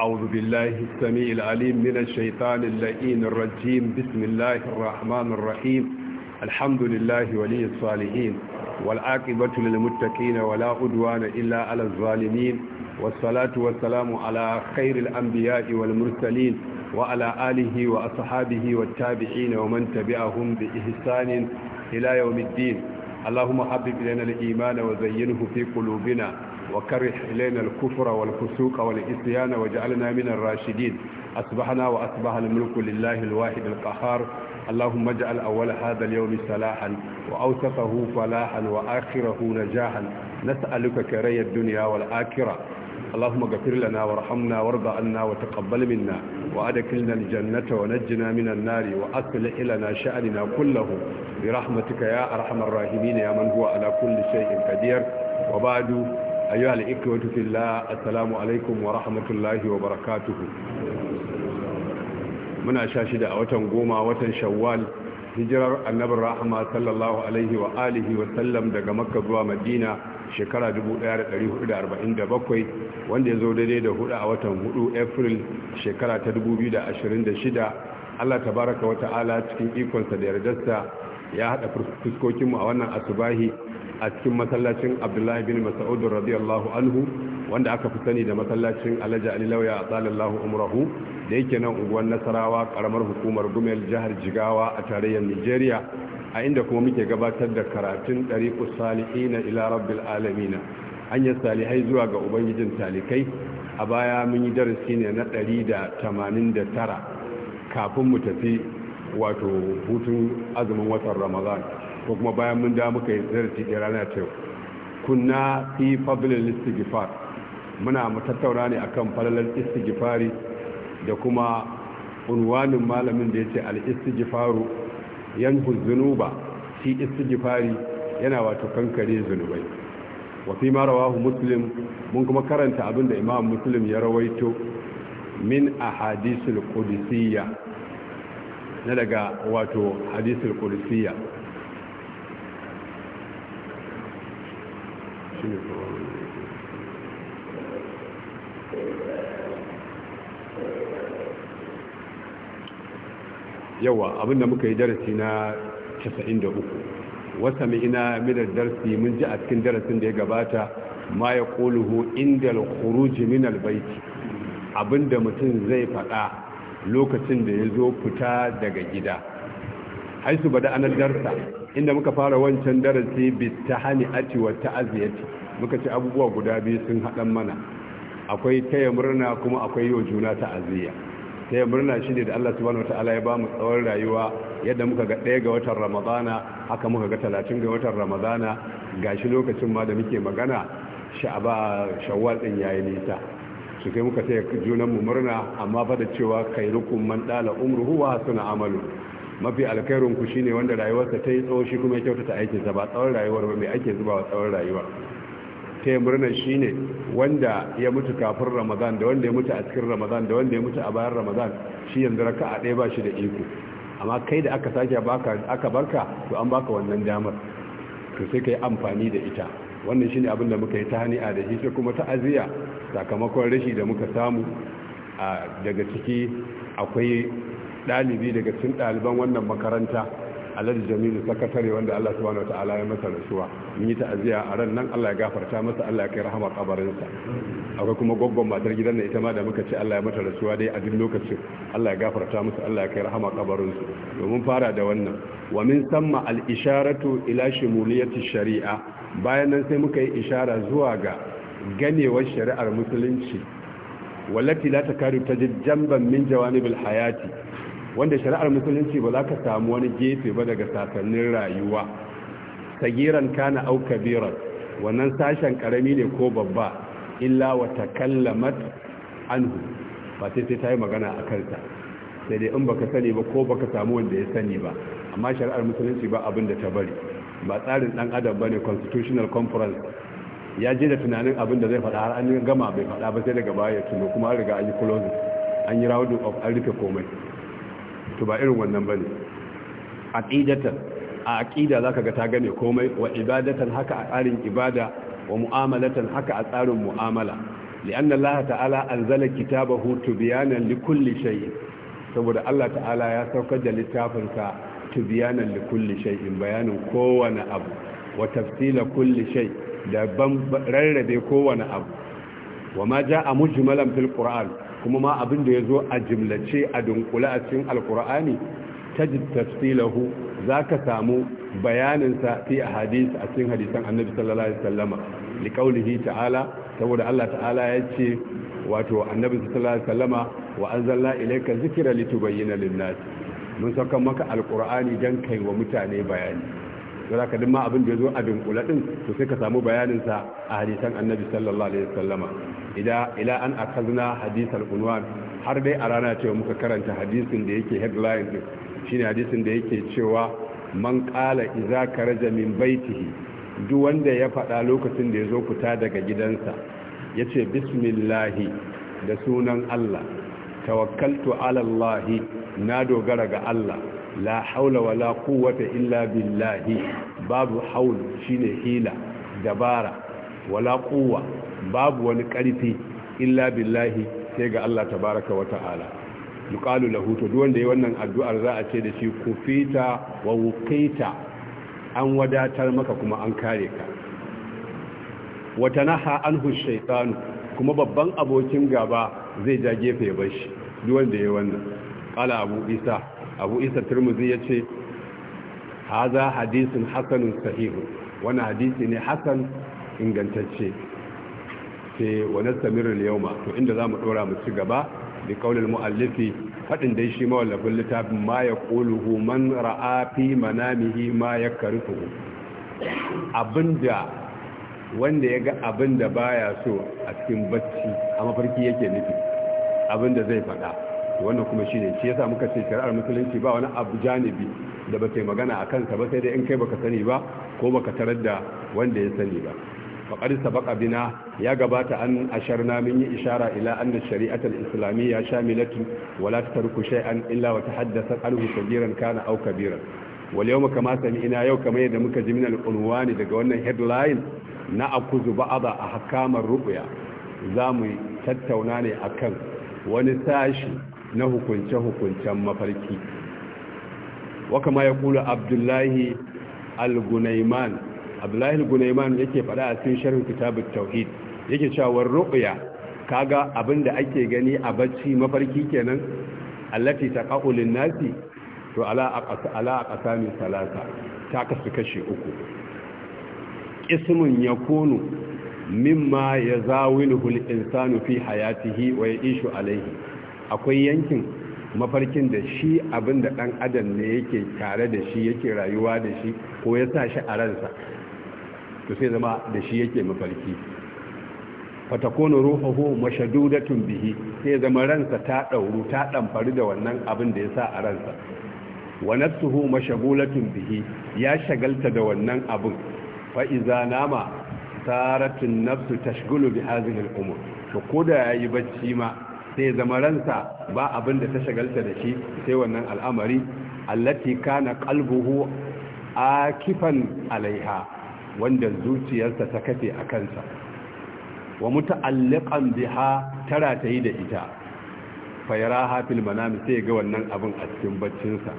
أعوذ بالله السميع العليم من الشيطان اللئين الرجيم بسم الله الرحمن الرحيم الحمد لله ولي الصالحين والعاقبة للمتقين ولا عدوان إلا على الظالمين والصلاة والسلام على خير الأنبياء والمرسلين وعلى آله وأصحابه والتابعين ومن تبعهم بإحسان إلى يوم الدين اللهم حبب لنا الإيمان وزينه في قلوبنا وكره إلينا الكفر والفسوق والإسيان وجعلنا من الراشدين أصبحنا وأصبح الملك لله الواحد القهار اللهم اجعل أول هذا اليوم صلاحا وأوسطه فلاحا وآخره نجاحا نسألك كري الدنيا والآخرة اللهم اغفر لنا وارحمنا وارض عنا وتقبل منا وادخلنا الجنة ونجنا من النار واصلح لنا شأننا كله برحمتك يا ارحم الراحمين يا من هو على كل شيء قدير وبعد ayyuha al-ikwatu fillah assalamu alaikum wa rahmatullahi wa barakatuhu muna sha shida a watan goma watan shawwal hijirar annabin rahama sallallahu alaihi wa alihi wa sallam daga makka zuwa madina shekara 1447 wanda ya zo daidai da hudu a watan hudu april shekara ta 2026 allah tabaraka wa ta'ala cikin ikonsa da yardarsa ya haɗa fuskokinmu a wannan asubahi a cikin masallacin abdullahi bin mas'ud radiyallahu anhu wanda aka fi sani da masallacin alhaji ali lauya a tsalallahu umrahu da yake nan unguwar nasarawa karamar hukumar gumel jihar jigawa a tarayyar nigeria a inda kuma muke gabatar da karatun ɗariƙu salihina ila rabbil alamina hanyar salihai zuwa ga ubangijin talikai a baya mun yi darasi ne na ɗari da tamanin da tara kafin mu tafi wato hutun azumin watan ramadan ko kuma bayan mun da muka yi darasi da rana ta yau kunna fi fabilin istighfar muna mu tattauna ne akan falalar istighfari da kuma unwanin malamin da ya al istighfaru yanhu dhunuba shi istighfari yana wato kankare zunubai wa fi ma rawahu muslim mun kuma karanta abinda imam muslim ya rawaito min ahadisul qudusiyya na daga wato hadisul qudusiyya yawa abinda muka yi darasi na 93 wata ina midar darasi mun ji a cikin darasin da ya gabata ma ya ƙoluhu inda al jiminal baiki abinda mutum zai faɗa lokacin da ya zo fita daga gida haisu bada anar darsa inda muka fara wancan darasi bi ati wa ta'aziyati muka ci abubuwa guda biyu sun haɗan mana akwai taya murna kuma akwai yau juna ta'aziyya sai murna shi ne da Allah subhanahu wataala ya mu tsawon rayuwa yadda muka ga ɗaya ga watan Ramadana haka muka ga talatin ga watan Ramadana shi lokacin ma da muke magana sha'aba shawwal din yayi nisa su kai muka sai junan mu murna amma fa da cewa khairukum man dala umruhu wa hasuna amalu mafi alkhairun ku shine wanda rayuwarsa ta yi tsawo shi kuma ya kyautata aikinsa ba tsawon rayuwar ba mai ake zuba wa tsawon rayuwa murnar shi ne wanda ya mutu kafin ramadan da wanda ya mutu a cikin ramadan da wanda ya mutu a bayan ramadan shi yanzu raka a ɗaya ba shi da iko amma kai da aka sake aka barka to an baka wannan damar to sai ka yi amfani da ita wannan shi ne abin da muka yi ta hani'a da shi sai kuma ta aziya sakamakon rashi da muka samu daga ciki akwai ɗalibi daga cikin ɗaliban wannan makaranta alhaji jamilu sakatare wanda allah subhanahu wa ta'ala ya masa rasuwa mun yi ta'aziyya a ran nan allah ya gafarta masa allah ya kai rahama kabarinsa akwai kuma gwaggon matar gidan na ita ma da muka ce allah ya mata rasuwa dai a duk lokacin allah ya gafarta musu allah ya kai rahama kabarinsu domin fara da wannan wa min samma al isharatu ila shimuliyati shari'a bayan nan sai muka yi ishara zuwa ga ganewar shari'ar musulunci wallati la ta ji jamban min jawanibil hayati wanda shari'ar musulunci ba za ka samu wani gefe ba daga sakannin rayuwa ta giran kana au kabiran wannan sashen karami ne ko babba illa wa kallamat anhu ba sai sai ta yi magana a kansa sai dai in ka sani ba ko ba ka samu wanda ya sani ba amma shari'ar musulunci ba abin da ta bari ba tsarin dan adam ba ne. constitutional conference ya je da tunanin abin da zai faɗa har an gama bai faɗa ba sai daga baya ya tuno kuma an riga an yi closing an yi round of an rufe komai to ba irin wannan ba ne. a aƙida zaka ga ta gane komai wa ibadatan haka a tsarin ibada wa mu'amalatan haka a tsarin mu'amala li'anna Allah ta'ala anzala kitabahu tubyanan likulli shay'in saboda Allah ta'ala ya saukar da littafinsa tubyanan likulli shay'in bayanin kowane abu wa tafsila kulli shay da rarrabe kowane abu wa ma jaa mujmalan fil qur'an kuma ma abin da ya zo a jimlace a dunkula a cikin alkur'ani tajid tafsilahu za ka samu bayaninsa fi a hadis a cikin hadisan annabi sallallahu alaihi wasallama liƙaulihi ta'ala saboda Allah ta'ala ya ce wato annabi sallallahu alaihi wasallama wa anzalna ilayka zikra litubayyana lin-nas mun saka maka alqur'ani dan kai wa mutane bayani don haka duk ma abin da ya zo a dunkula din to sai ka samu bayanin sa a hadisan annabi sallallahu alaihi wasallama ida ila an akazna hadisal unwan har dai a rana cewa muka karanta hadisin da yake headline din shine hadisin da yake cewa man qala idza karaja min baitihi duk wanda ya faɗa lokacin da ya zo fita daga gidansa ya ce bismillahi da sunan Allah tawakkaltu alallahi na dogara ga Allah la haula wala quwwata illa billahi babu haul shine hila dabara wala quwwa babu wani karfi illa billahi sai ga Allah tabaraka wa ta'ala yuqalu lahu to duk wanda yayi wannan addu'ar za a ce da shi kufita wa wuqita an wadatar maka kuma an kare ka wa tanaha anhu shaytan kuma babban abokin gaba zai ja gefe ya bar shi duk wanda yayi wannan qala abu isa abu isa turmuzi ya ce haza hadisin hasanun sahihu wani hadisi ne hasan ingantacce ce wani samirin yauma to inda za mu dora mu ci gaba da kaunar mu'allifi faɗin dai shi mawallafin littafin ma ya man ra'a fi manamihi ma ya abinda wanda ya ga abinda baya so a cikin bacci a mafarki yake nufi abinda zai faɗa wannan kuma shine shi yasa muka ce shari'ar musulunci ba wani abu janibi da ba magana a kansa ba sai dai in kai baka sani ba ko baka tarar da wanda ya sani ba faƙar sabaƙa bina ya gabata an asharna min yi ishara ila anna shari'atar islamiyya sha milatu wala tarku an illa wa haddasa anhu kabiran kana au kabiran wal yawma kama ina yau kamar yadda muka ji min al-unwani daga wannan headline na akuzu ba'da ahkamar za mu tattauna ne akan wani sashi na hukunce-hukuncen mafarki wa kama ya kula abdullahi al-gunaiman abdullahi al-gunaiman yake fada a cikin sharhin kitabut tauhid yake cewa ruqya kaga abinda ake gani a bacci mafarki kenan allati taqa'u lin-nasi to ala aqasa ala min salasa ta kasu kashi uku ismun yakunu mimma yazawiluhu al-insanu fi hayatihi wa ya'ishu alayhi akwai yankin mafarkin da shi abin da ɗan adam ne yake tare da shi yake rayuwa da shi ko ya sa shi a ransa to sai zama da shi yake mafarki fatakonu ruhuhu mashadudatun bihi sai zama ransa ta ɗauru ta ɗamfari da wannan abin da ya sa a ransa wa nafsuhu mashagulatun bihi ya shagalta da wannan abin Fa'iza nama tsaratun nafsu tashgulu bi hadhihi umar umur to koda yi bacci ma sai zamaransa ba abin da ta shagalta da shi sai wannan al'amari allati kana qalbuhu akifan alaiha wanda zuciyarsa ta kafe a kansa wa muta'alliqan biha tara ta yi da ita fayaraha fil manam sai ga wannan abin a cikin baccinsa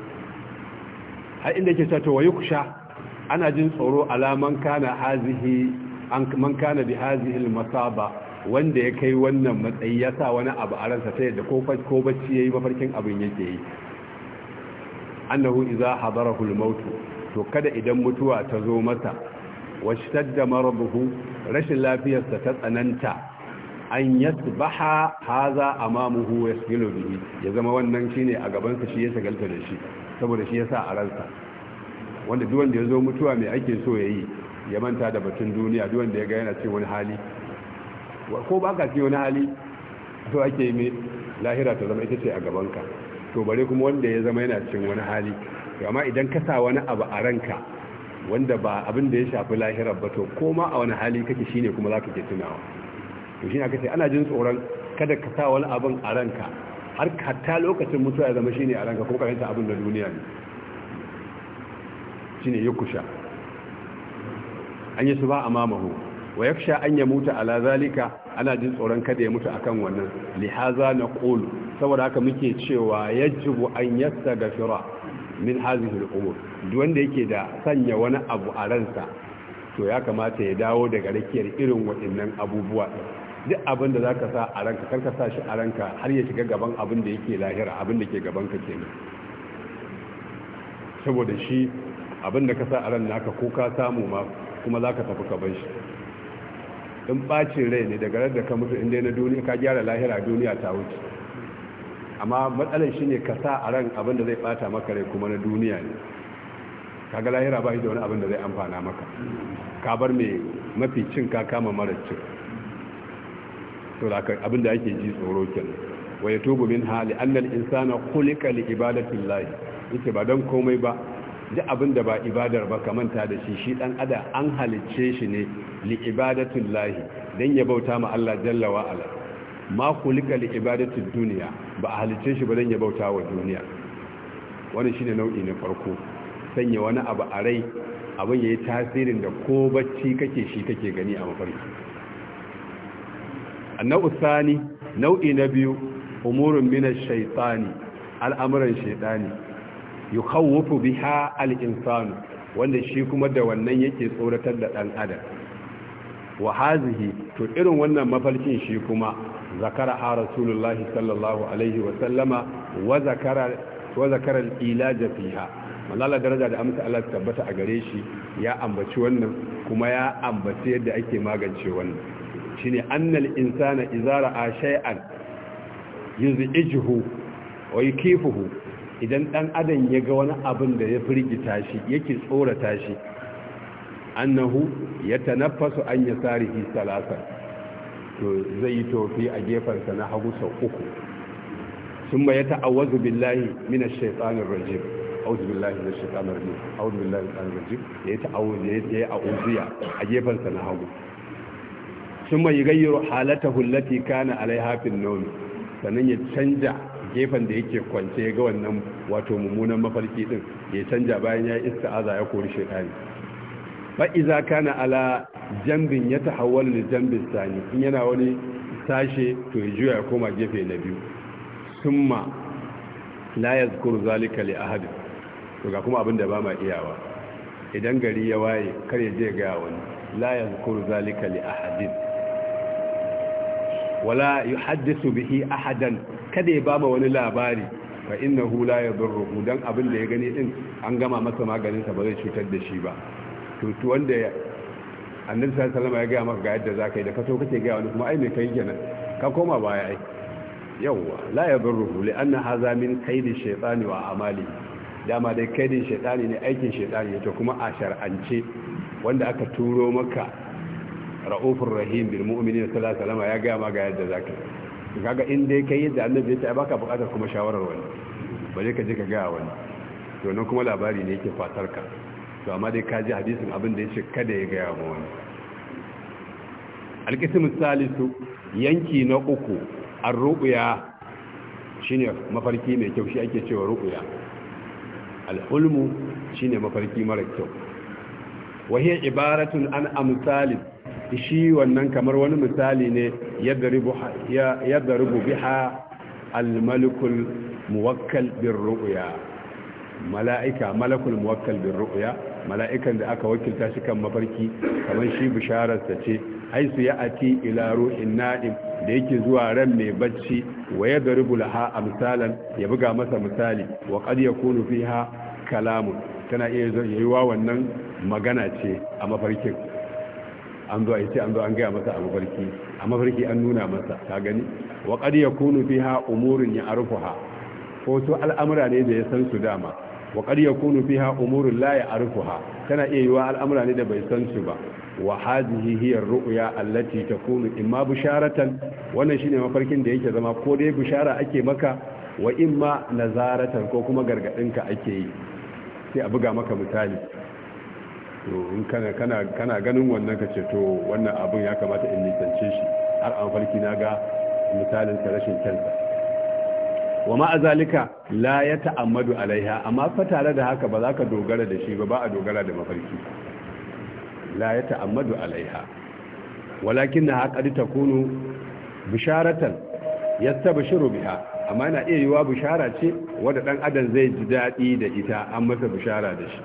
har inda yake cewa to wayuksha ana jin tsoro alaman kana hazihi man kana bi hazihi al masaba wanda ya kai wannan matsayi ya sa wani abu a ransa ta yadda ko bacci ya yi mafarkin abin yake yi annahu iza hadarahul mautu to kada idan mutuwa ta zo masa washtadda marabuhu rashin lafiyarsa ta tsananta an yasbaha haza amamuhu yasgilu bihi ya zama wannan shine a gaban shi ya sagalta da shi saboda shi yasa a ransa wanda duk wanda ya zo mutuwa mai ake so yayi ya manta da batun duniya duk wanda ya ga yana cikin wani hali ko ba ka cikin wani hali to ake yi mai lahira ta zama ita ce a gabanka to bare kuma wanda ya zama yana cin wani hali amma idan ka sa wani abu a ranka wanda ba abin da ya shafi lahira ba to koma a wani hali kake shi ne kuma za ka ke tunawa to ne aka ce ana jin tsoron kada ka sa wani abin a ranka har ta lokacin mutuwa ya zama shi ne a ranka kuma karanta abin da duniya ne shine ya kusha an yi su ba a mamahu wa yaksha an ya mutu ala zalika ana jin tsoron kada ya mutu akan wannan lihaza na kolu saboda haka muke cewa yajibu an yastaghfira min hadhihi al-umur duk wanda yake da sanya wani abu a ransa to ya kamata ya dawo daga rakiyar irin waɗannan abubuwa duk abin da zaka sa a ranka ka sa shi a ranka har ya shiga gaban abin da yake lahira abin da ke gaban ka kenan saboda shi abin da ka sa a ran naka ko ka samu ma kuma zaka tafi ka bar shi in bacin rai ne daga da ka mutu inda na duniya ka gyara lahira duniya ta wuce amma matsalar shi ne ka sa a ran abin da zai bata maka rai kuma na duniya ne Ka ga lahira ba shi da wani abin da zai amfana maka ka bar mai mafi cin ka kama mara cin to da abin da ake ji tsoro kenan wa yatubu min hali annal insana khuliqa li ibadati llahi yace ba dan komai ba duk abin da ba ibadar ba ka manta da shi shi dan ada an halicce shi ne li ibadatullahi dan ya bauta ma Allah jalla wa ala ma kulika li dunya ba a halice shi ba dan ya bauta wa duniya wannan shine nau'i na farko sanya wani abu a rai abin yayi tasirin da ko bacci kake shi kake gani a mafarki annabu sani nau'i na biyu umurun min ash-shaytani al'amuran shaytani yukhawwifu biha al-insanu wanda shi kuma da wannan yake tsoratar da ɗan adam wa hazihi to irin wannan mafalkin shi kuma zakara a rasulullahi sallallahu alaihi wa sallama wa zakara ilaja fiha malala daraja da amsa Allah tabbata a gare shi ya ambaci wannan kuma ya ambaci yadda ake magance wannan shine annal insana izara a shay'an yuz'ijuhu wa yakifuhu idan dan adam ya ga wani abin da ya firgita shi yake tsorata shi annahu ya yatanaffasu an yasarihi salasa to zai yi tofi a gefansa na hagu sau uku ثم يتعوذ بالله من الشيطان الرجيم أعوذ بالله من الشيطان الرجيم أعوذ بالله من الشيطان الرجيم يتعوذ يأعوذي أجيبا سنهو ثم يغير حالته التي كان عليها في النوم sannan ya canja gefen da yake kwance ga wannan wato mummunan mafarki din ya canja bayan ya yi ista'aza ya kori shaitani fa'iza kana ala jambin ya tahawwal da jambin sani in yana wani sashe to ya juya koma gefe na biyu summa la yazkur zalika li ahad to ga kuma abin ba ma iyawa idan gari ya waye kar ya je ga wani la yazkur zalika li ahad wala yuhaddisu bihi ahadan kada ya ba wani labari fa innahu la yadurru dan abin da ya gani din an gama masa maganinsa ba zai cutar da shi ba tutu wanda ya annabi sallallahu alaihi wasallam ya ga maka ga yadda zakai da ka so kake ga wani kuma ai me kai kenan ka koma baya ai yawwa la yadurruhu li anna hadha min kaidi shaytani wa amali dama dai kaidin shaytani ne aikin shaytani ne to kuma a shar'ance wanda aka turo maka ra'ufur rahim bil mu'minin sallallahu alaihi wasallam ya ga ma ga yadda zakai kaga in dai kai yadda annabi ya ce baka bukatar kuma shawarar wani ba ka je ka ga wani to nan kuma labari ne yake fatar ka to amma dai kaji hadisin abin da ya ce kada ya gaya ma wani alƙisimin salisu yanki na uku an ruɓuya shi ne mafarki mai kyau shi ake cewa ruɓuya alhulmu shi ne mafarki mara kyau wahiyar ibaratun an amsalin shi wannan kamar wani misali ne yadda rubu biha almalikul muwakkal bin ruɓuya mala'ika malakul muwakkal bin ru'ya mala'ikan da aka wakilta shi kan mafarki kamar shi bishararsa ce haisu ya ake ila ruhin na'im da yake zuwa ran mai bacci wa ya daribu a misalan ya buga masa misali wa kunu fi ha kalamu tana iya yi wa wannan magana ce a mafarkin an zo a ce an zo an gaya masa a mafarki a mafarki an nuna masa ta gani wa kunu fi ha umurin ya ha ko su al'amura ne da ya san su dama wa qad yakunu fiha a la ya'rifuha tana iya yiwa al'amura ne da bai san su ba wa hadhihi hiya ar-ru'ya allati takunu imma bisharatan wannan shine mafarkin da yake zama ko dai bishara ake maka wa imma nazaratan ko kuma gargadinka ake yi sai a buga maka misali to in kana kana kana ganin wannan kace to wannan abun ya kamata in nisance shi har an farki na ga misalin rashin kansa wa ma azalika la ya ta'ammadu alaiha amma fa tare da haka ba za ka dogara da shi ba ba a dogara da mafarki la ya ta'ammadu alaiha walakin na haƙari ta kunu bisharatan ya shiru biha amma yana iya yiwa bishara ce wadda ɗan adam zai ji daɗi da ita an masa bishara da shi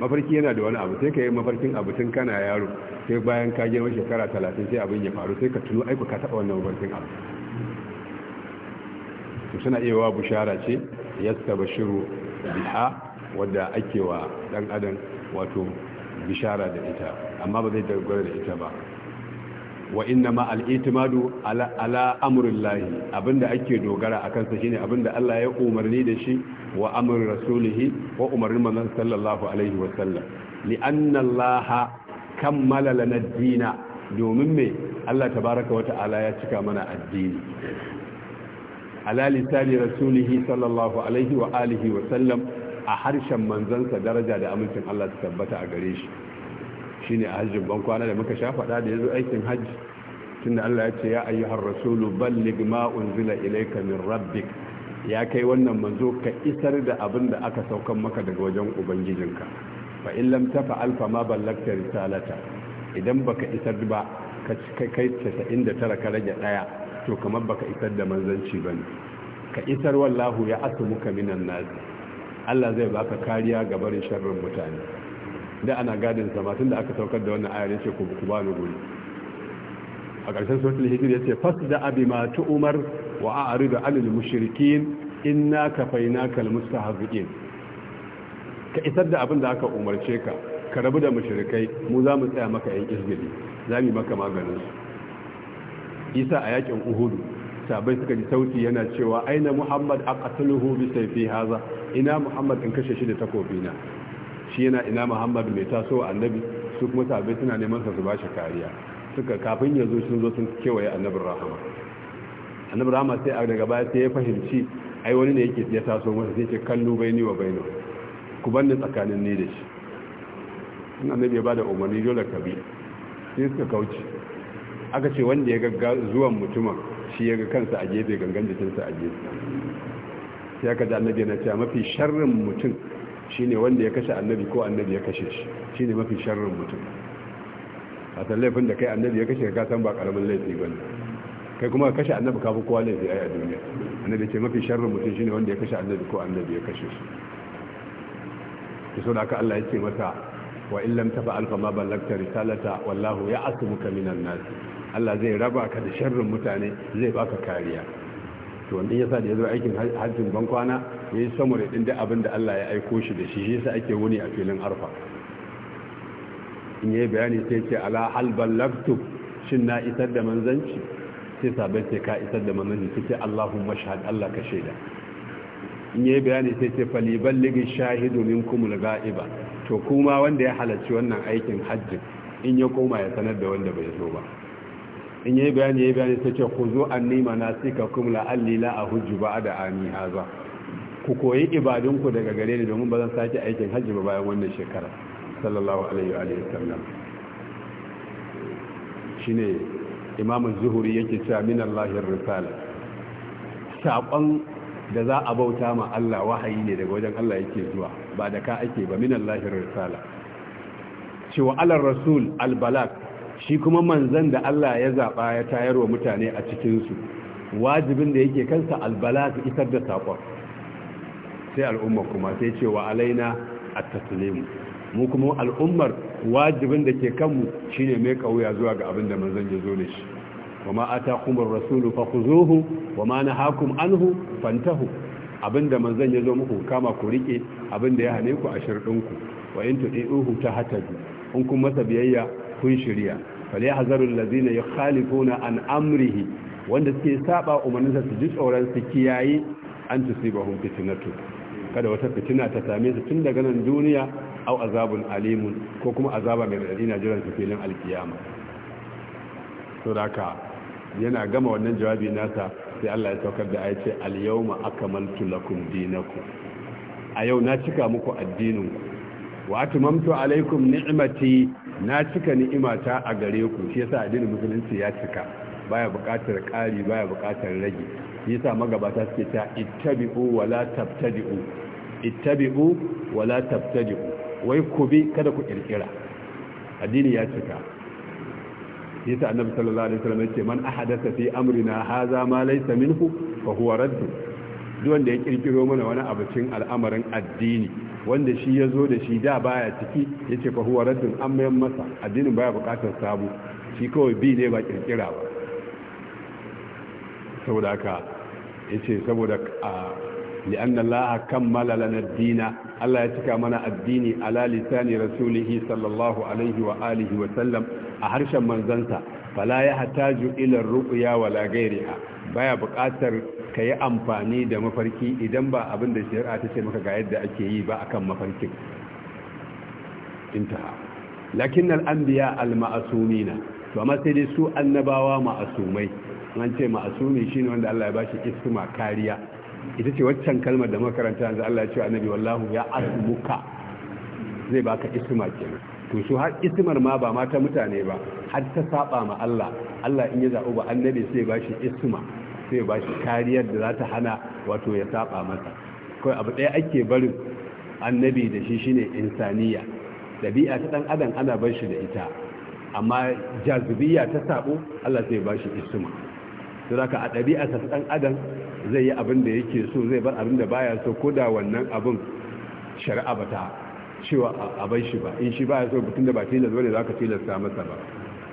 mafarki yana da wani abu sai ka yi mafarkin abu tun kana yaro sai bayan ka girma shekara talatin sai abin ya faru sai ka tuno aiko ka taɓa wannan mafarkin abu to suna iya wa bushara ce yasta bashiru biha wadda ake wa dan adam wato bishara da ita amma ba zai dogara da ita ba wa inna ma al-itimadu ala ala lahi abinda ake dogara akan sa shine abinda Allah ya umarni da shi wa amri rasulihi wa umarnin manzon sallallahu alaihi wa sallam li anna Allah kammala lana ad-dina domin me Allah tabaraka wa ta'ala ya cika mana addini ala lisani rasulihi sallallahu alaihi wa alihi wa sallam a harshen manzansa daraja da amincin Allah ta tabbata a gare shi shine a hajjin ban kwana da muka sha da yanzu aikin hajji tunda Allah ya ce ya ayyuhar rasulu balligh ma unzila ilayka min rabbik ya kai wannan manzo ka isar da abin da aka saukan maka daga wajen ubangijinka fa in lam tafa'al fa ma ballagta risalata idan baka isar ba ka kai 99 ka rage daya to kamar baka isar da manzanci ne. ka isar wallahu ya asmuka minan nas Allah zai baka kariya ga barin sharrin mutane da ana gadin sama tunda aka saukar da wannan ayar yace ku kubanu guri a ƙarshen suratul hijr yace fasda ma tu'mar wa a'ridu 'anil mushrikin inna kafaynakal mustahzi'in ka isar da abin da aka umarce ka ka rabu da mushrikai mu za mu tsaya maka yan izgili za mu yi maka maganin su isa a yakin uhudu sabai suka ji sauti yana cewa aina muhammad a qataluhu sai fi haza ina muhammad in kashe shi da takobi na shi yana ina muhammad mai taso annabi su kuma sabai suna neman sa su ba shi kariya suka kafin ya zo sun zo sun kewaye annabin rahama annabin rahama sai a daga baya sai ya fahimci ai wani ne yake ya taso masa sai ce kallu baini wa baini ku banni tsakanin ni da shi in annabi ya bada umarni dole ka bi sai suka kauce aka ce wanda ya ga zuwan mutumin shi ya ga kansa a gefe gangan jikinsa a gefe ya ka ji annabi na cewa mafi sharrin mutum shine wanda ya kashe annabi ko annabi ya kashe shi shine mafi sharrin mutum a san laifin da kai annabi ya kashe ka san ba karamin laifi ba kai kuma kashe annabi ka fi kowa laifi a duniya annabi ce mafi sharrin mutum shine wanda ya kashe annabi ko annabi ya kashe shi ki so da aka Allah ya ce masa wa illam tafa'al fa ma ballagta risalata wallahu ya'asmuka minan nas Allah zai raba ka da sharrin mutane zai baka kariya to wanda yasa da ya zo aikin hajjin ban kwana yayi samure din da abin da Allah ya aiko shi da shi shi yasa ake wuni a filin arfa in yayi bayani sai ce ala hal ballagtu shin na isar da manzanci sai sabai sai ka isar da manzanci sai ce Allahumma shahad Allah ka shaida in yayi bayani sai ce fali balligi shahidu minkum al-ga'iba to kuma wanda ya halarci wannan aikin hajji in ya koma ya sanar da wanda bai zo ba in yi bayani ya bayani ta ce ku zo Nima na nasika kum la allila ahujju da a haza ku koyi ibadunku daga gare ni domin ba zan sake aikin hajji ba bayan wannan shekara sallallahu alaihi wa alihi Shi shine imam zuhuri yake cewa min allahir risala sakon da za a bauta ma Allah wahayi ne daga wajen Allah yake zuwa ba da ka ake ba min allahir risala cewa alar rasul al balag shi kuma manzan da Allah ya zaɓa ya tayar wa mutane a cikinsu wajibin da yake kansa albala su isar da saƙon sai al'umma kuma sai ce wa alaina a taslimu mu kuma al'ummar wajibin da ke kanmu shine mai kauya zuwa ga abin da manzan ya zo da shi wa ma atakum kumar rasulu hu wa ma nahakum hu fantahu da manzan ya zo muku kama ku riƙe, abin da ya hane ku a shirɗinku wa in ta hatabi in kun masa biyayya kun shirya fal yahzaru ya yukhalifuna an amrihi wanda suke saba umarninsa su ji tsoron su kiyaye an tusibahum fitnatu kada wata fitina ta same su tun daga nan duniya au azabun alimun ko kuma azaba mai radadi na jiran su filin alkiyama to daka yana gama wannan jawabi nasa sai Allah ya saukar da ayace al-yawma akmaltu lakum dinakum a yau na cika muku addinin ku wa atmamtu alaikum ni'mati na cika ni'imata a gare ku shi yasa addinin musulunci ya cika baya buƙatar ƙari baya buƙatar rage shi yasa magabata suke ta ittabi'u wala tabtadi'u ittabi'u wala tabtadi'u wai ku bi kada ku kirkira addini ya cika shi yasa annabi sallallahu alaihi wasallam yace man ahadatha fi amrina hadha ma laysa minhu fa huwa radd duk wanda ya kirkiro mana wani abincin al'amarin addini wanda shi ya zo da shi da baya ciki ya ce fa huwa raddun an mayan masa addinin baya bukatar sabu shi kawai bi ne ba kirkira ba saboda ka ya ce saboda لأن الله كمل لنا الدين الله منا الدين على لسان رسوله صلى الله عليه وآله وسلم أحرشا من زنسا فلا يحتاج إلى الرؤيا ولا غيرها baya buƙatar ka yi amfani da mafarki idan ba abin da shari'a ta ce maka ga yadda ake yi ba akan mafarkin intaha lakin al'anbiya al-ma'asumina to amma matsayi dai su annabawa ma'asumai an ce ma'asumi ne wanda Allah ya bashi isma kariya ita ce waccan kalmar da makaranta yanzu Allah ya ce annabi wallahu ya asmuka zai baka isma kenan to su har ismar ma ba mata mutane ba har ta saba ma Allah Allah in ya zabo ba annabi sai ba shi isma sai ba kariyar da za ta hana wato ya saba masa kawai abu ɗaya ake barin annabi da shi shine insaniya dabi'a ta ɗan adam ana bar shi da ita amma jazibiyya ta sabo Allah sai bashi shi isma to zaka a ɗabi'a ta dan adam zai yi abin da yake so zai bar abin da baya so ko da wannan abin shari'a ba ta cewa a bai shi ba in shi baya so mutum da ba tilas bane zaka tilasta masa ba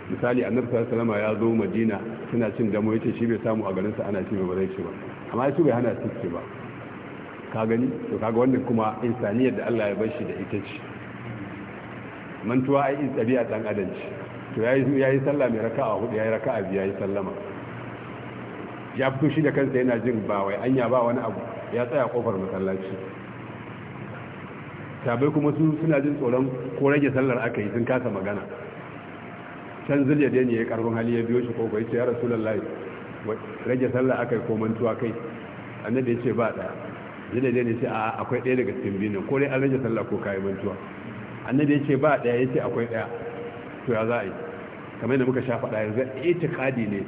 misali annabi sallallahu alaihi ya zo madina suna cin damo yace shi bai samu a garin sa ana ci ba zai ci ba amma shi bai hana su ci ba ka gani to kaga wannan kuma insaniyar da Allah ya bar shi da ita ce mantuwa ai in tabi'a dan adam ce to yayi yayi sallah mai raka'a hudu yayi raka'a biyu yayi sallama ya fito shi da kansa yana jin ba wai anya ba wani abu ya tsaya kofar masallaci tabai kuma su suna jin tsoron ko rage sallar aka yi sun kasa magana can zilya da ne ya karfin hali ya biyo shi ko ya ce ya rasulallah rage sallar aka yi ko mantuwa kai annabi ya ce ba daya zilya da ne ce a akwai daya daga cikin binin ko dai an rage sallar ko kayi mantuwa annabi ya ce ba daya ya ce akwai daya to ya za a yi kamar yadda muka sha faɗa yanzu kadi ne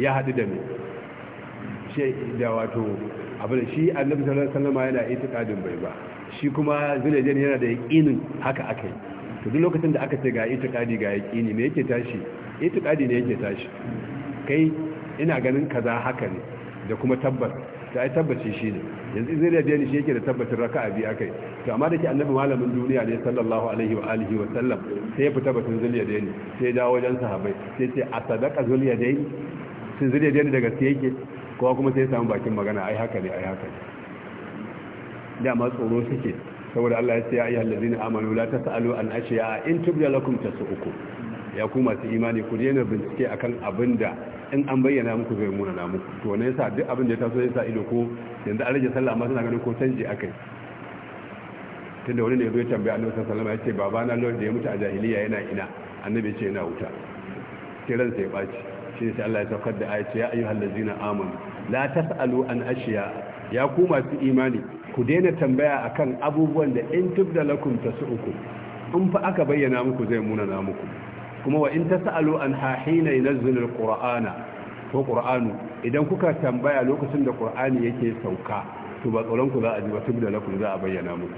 ya haɗu da ni.' da wato abu da shi annabi sallallahu alaihi wasallam yana itikadin bai ba shi kuma zulaijin yana da yaqinin haka akai to duk lokacin da aka ce ga itikadi ga yaqini me yake tashi itikadi ne yake tashi kai ina ganin kaza haka ne da kuma tabbas ta ai tabbaci shi ne yanzu zulaijin shi yake da tabbatin raka'a bi akai to amma dake annabi malamin duniya ne sallallahu alaihi wa alihi wa sallam sai ya fita batun zulaijin sai ya dawo wajen sahabbai sai ce a sadaka zulaijin sun zulaijin da gaske yake kowa kuma sai samu bakin magana ai haka ne ai haka ne Da dama tsoro suke saboda Allah ya ce ya ayyuhal ladina amanu la tasalu an ashiya in tubda lakum tasukum ya ku masu imani ku daina bincike akan abin da in an bayyana muku zai muna na muku to ne yasa duk abin da ya taso yasa ido ko yanzu an rage sallah amma suna ganin ko canji akai tunda wani ne ya zo ya tambaya annabi sallallahu alaihi wasallam ya ce babana lord da ya mutu a jahiliya yana ina annabi ya ce yana wuta sai ya baci shi sai Allah ya saukar da ayat ya ayyuhal ladzina amanu la tasalu an ashiya ya ku masu imani ku daina tambaya akan abubuwan da in tubda lakum tasu'ukum in fa aka bayyana muku zai munana muku kuma wa in tasalu an hahina yunzilul qur'ana ko qur'anu idan kuka tambaya lokacin da qur'ani yake sauka to ba tsoron ku za a ji ba tubda lakum za a bayyana muku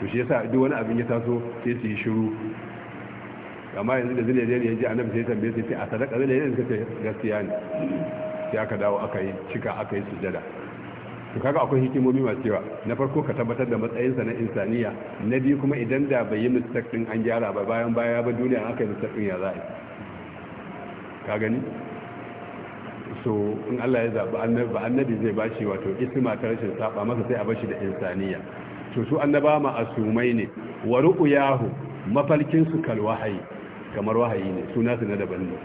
to shi yasa duk wani abin ya taso sai su yi shiru amma yanzu da ne ya ji annabi sai tambaye sai a sadaka ne suka ce gaskiya ne sai aka dawo aka yi cika aka yi sujada to kaga akwai hikimomi masu yawa na farko ka tabbatar da matsayinsa na insaniya na biyu kuma idan da bai yi mistake an gyara ba bayan baya ba duniya an aka yi mistake ya za'a ka gani so in Allah ya zaɓi annabi annabi zai bashi wato isma ta rashin saba masa sai a bashi da insaniya to su annaba ma'asumai ne wa ru'yahu mafarkin su kal kamar wahayi ne suna su na daban ne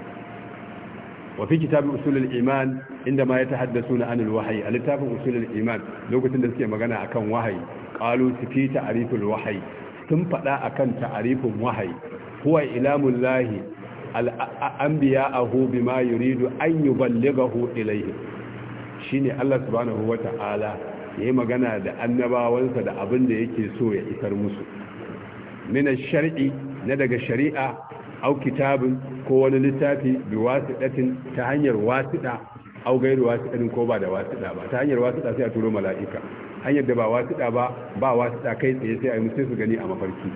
wa fi kitabin usulul iman inda ma ya ta haddasa na anil wahayi a littafin usulul iman lokacin da suke magana akan wahayi qalu fi ta'riful wahayi sun faɗa akan ta'arifin wahayi huwa ilamul lahi al'ambiya'ahu bima yuridu an yuballighahu ilayhi shine Allah subhanahu ya yayi magana da annabawansa da abin da yake so ya isar musu min ash-shar'i na daga shari'a au kitabin ko wani littafi bi wasiɗatin ta hanyar wasiɗa au gairu wasiɗatin ko ba da wasiɗa ba ta hanyar wasiɗa sai a turo mala'ika hanyar da ba wasiɗa ba ba wasiɗa kai tsaye sai a yi musu su gani a mafarki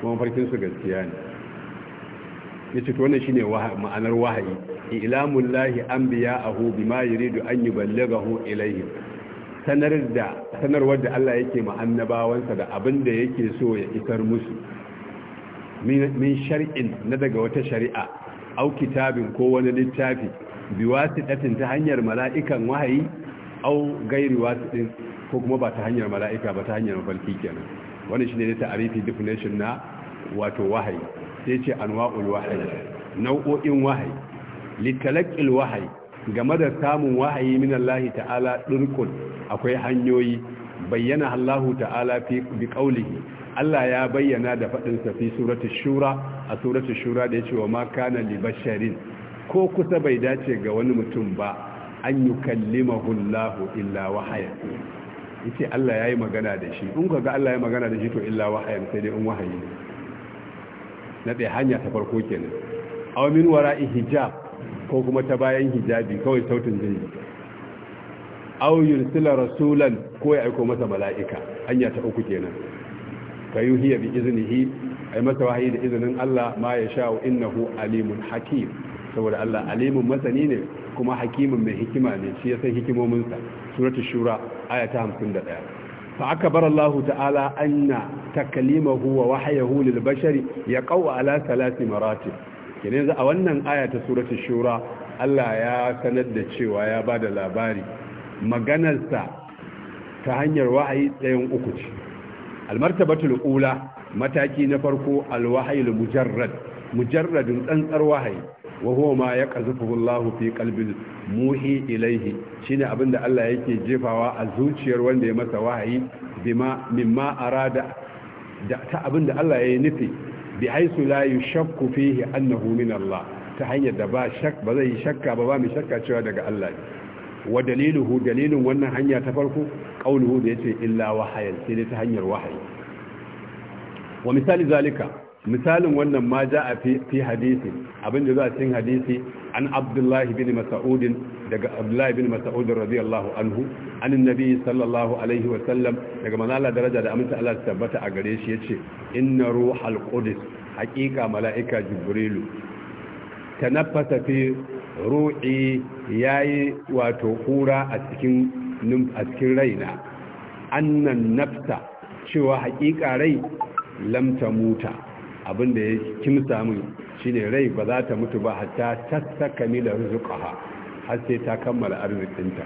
kuma mafarkin su gaskiya ne ce to wannan shine ma'anar wahayi ilamul lahi ma bima yuridu an yuballighahu ilayhim sanar da sanarwar da Allah yake ma'annabawansa da abin da yake so ya isar musu min shar'in na daga wata shari'a au kitabin ko wani littafi wasitatin ta hanyar mala'ikan wahayi au gairi wasitin ko kuma ba ta hanyar mala'ika ba ta hanyar mafarki kenan wani shi ne da ta'arifi definition na wato wahayi sai ce anwa'ul wahayi nau'o'in wahayi litalaqil wahayi game da samun wahayi min Allah ta'ala dirkul akwai hanyoyi bayyana Allahu ta'ala fi bi qawlihi Allah ya bayyana da fadin sa fi suratul shura a suratul shura da yace wa ma kana li basharin ko kusa bai dace ga wani mutum ba an yukallimahu Allahu illa wahaya yace Allah yayi magana da shi in kaga Allah yayi magana da shi to illa wahayan sai dai in wahayi na dai hanya ta farko kenan aw min wara'i hijab ko kuma ta bayan hijabi kawai sautin zai aw yursila rasulan ko ya aiko masa mala'ika hanya ta uku kenan kayuhiya bi iznihi ay masa wahayi da izinin Allah ma ya sha innahu alimun hakim saboda Allah alimun masani ne kuma hakimun mai hikima ne shi ya san hikimomin sa suratul shura aya ta 51 fa akbar Allah ta'ala anna takalimahu wa wahyahu lil bashari yaqau ala thalath maratib kenan a wannan aya ta suratul shura Allah ya sanar da cewa ya bada labari maganarsa ta hanyar wahayi tsayin uku ce almartabatul ula mataki na farko alwahayil mujarrad mujarradin tsantsar wahayi wa huwa ma yaqazufu Allahu fi qalbil muhi ilayhi shine abinda Allah yake jefawa a zuciyar wanda ya masa wahayi bima mimma arada da ta abinda Allah ya yi nufi bi haisu la yushakku fihi annahu min Allah ta hanyar da ba shak ba zai shakka ba ba mai shakka cewa daga Allah ne wa daliluhu dalilin wannan hanya ta farko qauluhu da yace illa wahayan sai dai ta hanyar wahayi wa misali zalika misalin wannan ma a fi hadisi abinda za a cikin hadisi an abdullahi bin mas'ud daga abdullahi bin mas'ud radiyallahu anhu anin annabi sallallahu alaihi wa sallam daga manala daraja da aminta Allah tabbata a gare shi yace inna ruhal qudus haqiqa malaika jibrilu tanaffasa fi ya yayi wato kura a cikin a cikin raina annan nafsa cewa haƙiƙa rai lamta ta muta abinda ya kimsa min shine rai ba za ta mutu ba ta tattaka mila ha har sai ta kammala arzikinta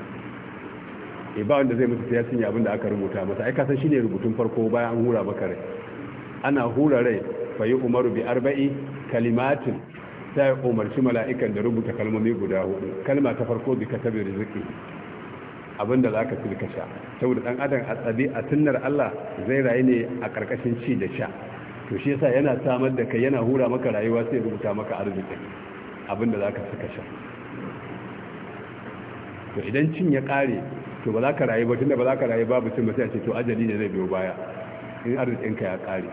eh, ba wanda zai mutu ya sanya abinda aka rubuta masa ai kasan shine rubutun farko bayan an hura maka rai ana hura rai fa umaru bi arba'i kalimatin sai umarci mala'ikan da rubuta kalmomi guda hudu kalma ta farko bi katabi rizqi abinda zaka ci ka sha saboda dan adam a tsabi a tunnar Allah zai rayu ne a karkashin ci da sha to shi yasa yana samar da kai yana hura maka rayuwa sai rubuta maka arziki abinda zaka ci ka sha to idan cin ya kare to ba za ka rayu ba tunda ba za ka rayu babu cin ba sai a ce to ajali ne zai biyo baya in arzikinka ya kare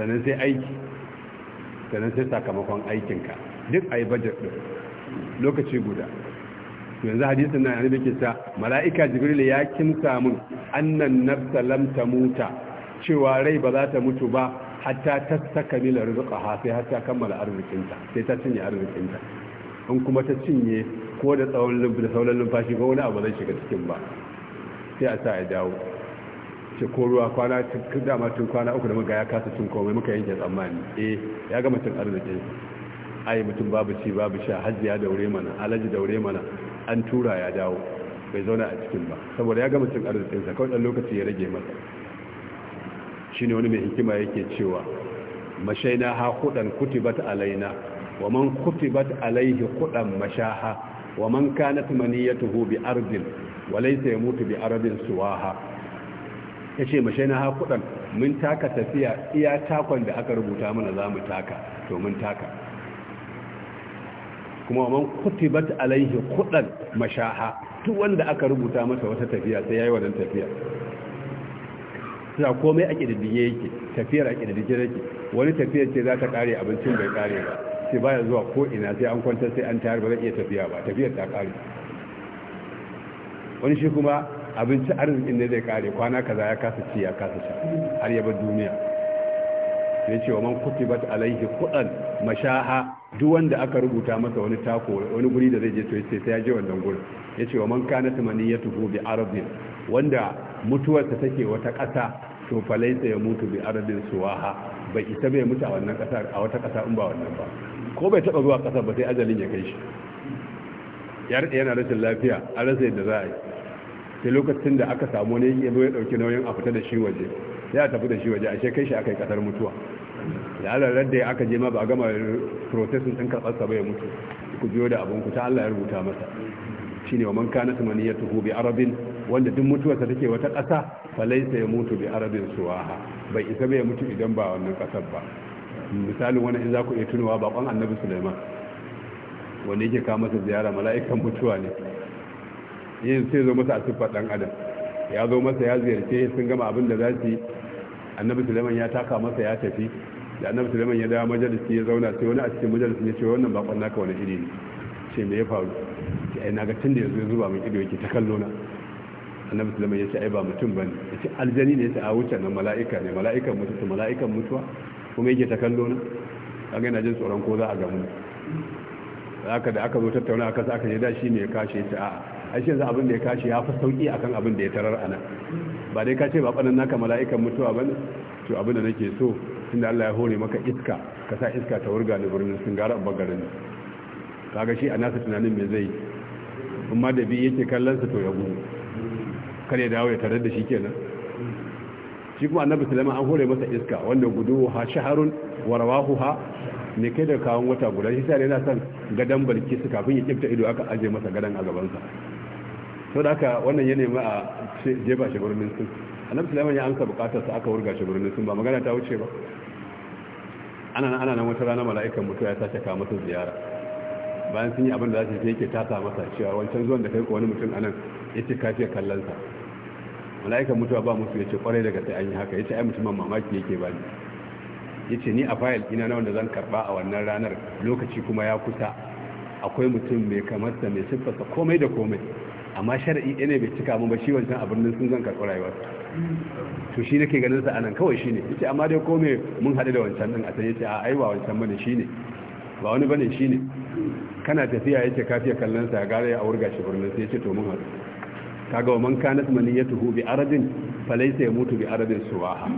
sannan sai aiki sannan sai sakamakon aikinka duk a yi ɗin lokaci guda yanzu hadisin na yanzu bikin sa mala'ika jibril ya kimsa mun annan nafsa lamta muta. cewa rai ba za ta mutu ba hatta ta rizuka ha sai hatta kammala arzikinta sai ta cinye arzikinta in kuma ta cinye ko da tsawon lumfashi ko wani abu zai shiga cikin ba sai a sa ya dawo ce ko ruwa kwana dama tun kwana uku da muka ya kasa cin komai muka yanke tsammani eh ya ga mutum arzikin ai mutum babu ci babu sha hajji ya daure mana alaji daure mana an tura ya dawo bai zauna a cikin ba saboda ya mutum cin arzikinsa kawai dan lokaci ya rage masa shine wani mai hikima yake cewa mashaina ha kudan kutibat alaina wa man kutibat alaihi kudan mashaha wa man kanat maniyatuhu bi ardin wa laysa yamutu bi ardin suwaha ya ce mashe na haƙuɗan mun taka tafiya iya takon da aka rubuta mana za mu taka to mun taka kuma man kutibat alaihi kuɗan mashaha duk wanda aka rubuta masa wata tafiya sai ya yi wannan tafiya suna komai a ƙididdige yake tafiyar a ƙididdige yake wani tafiyar ce za ta ƙare abincin bai ƙare ba sai baya zuwa ko ina sai an kwanta sai an tayar ba zai iya tafiya ba tafiyar ta ƙare wani shi kuma abinci arzikin ne zai kare kwana kaza ya kasa ci ya kasa sha har yaba duniya ya ce wa man ta alaihi kudan mashaha duk wanda aka rubuta masa wani tako wani guri da zai je to yace sai ya je wannan gurin yace wa man kana tumaniyatuhu bi arabin wanda mutuwarsa take wata ƙasa to falaita ya mutu bi arabin suwaha bai isa bai mutu a wannan a wata kasa in ba wannan ba ko bai taba zuwa kasa ba sai ajalin ya kai shi yar yana rashin lafiya a rasa yadda za a yi sai lokacin da aka samu ne ya zo ya dauki nauyin a fita da shi waje ya tafi da shi waje a kai shi aka yi kasar mutuwa da alalar da aka je ma ba a gama protestin ɗin karɓar sa ba ya mutu ku biyo da abin ku ta Allah ya rubuta masa ne wa man kana tuhu bi arabin wanda duk mutuwarsa take wata ƙasa falaisa ya mutu bi arabin suwaha bai isa bai mutu idan ba wannan ƙasar ba misalin wani in za ku iya tunawa baƙon annabi suleiman wanda yake kawo masa ziyara mala'ikan mutuwa ne yin sai zo masa a siffar ɗan adam ya zo masa ya ziyarce sun gama abin da za su yi annabi suleiman ya taka masa ya tafi da annabi suleiman ya dawo majalisi ya zauna sai wani a cikin majalisi ya ce wannan bakon naka wani iri ne ce me ya faru ce ai ga tun da yanzu ya zuba min ido yake ta kallo na annabi suleiman ya ce ai ba mutum ne ya ce aljani ne ya ce a wuce nan mala'ika ne mala'ikan mutuwa mala'ikan mutuwa kuma yake ta kallo na kaga yana jin tsoron ko za a gamu haka da aka zo tattauna aka sa aka yi da shi ne ya kashe ta a'a ai yanzu abin da ya kashi ya fi sauki akan abin da ya tarar ana ba dai ka ce ba ɓanan naka mala'ikan mutuwa ba ne to abin da nake so tunda Allah ya hore maka iska ka sa iska ta wurga birnin sun gara bangaren kaga shi a nasa tunanin me zai amma da bi yake kallon sa to ya gudu kar ya dawo ya tarar da shi kenan shi kuma annabi sulaiman an hore masa iska wanda gudu ha shaharun wa ha ne kai da kawon wata guda shi sai yana son gadan barki su kafin ya kifta ido aka aje masa gadan a gabansa. sau da aka wannan ya nemi a jefa shi birnin sun annabi sulaiman ya amsa bukatar sa aka wurga shi birnin sun ba magana ta wuce ba ana ana nan wata rana mala'ikan mutu ya sace kawo masa ziyara bayan sun yi abin da za su yake tasa masa cewa wancan zuwan da kai ko wani mutum a anan yace kafiyar kallon sa mala'ikan mutuwa ba musu ce kwarai daga sai an yi haka a ai mutumin mamaki yake bani yace ni a fayil ina na wanda zan karba a wannan ranar lokaci kuma ya kusa akwai mutum mai kamar mai siffarsa komai da komai amma shari'i ɗaya ne bai cika mu ba shi wancan abin da sun zan karɓi rayuwar to shi nake ganin sa anan kawai shine yace amma dai ko me mun haɗu da wancan din a sai yace a aiwa wancan bane shine ba wani bane shine kana tafiya yace ka fiye kallon sa ya gare ya aurga shi birnin sai yace to mun haɗu kaga wa man kanat maniyatuhu bi aradin falaysa yamutu bi aradin suwaha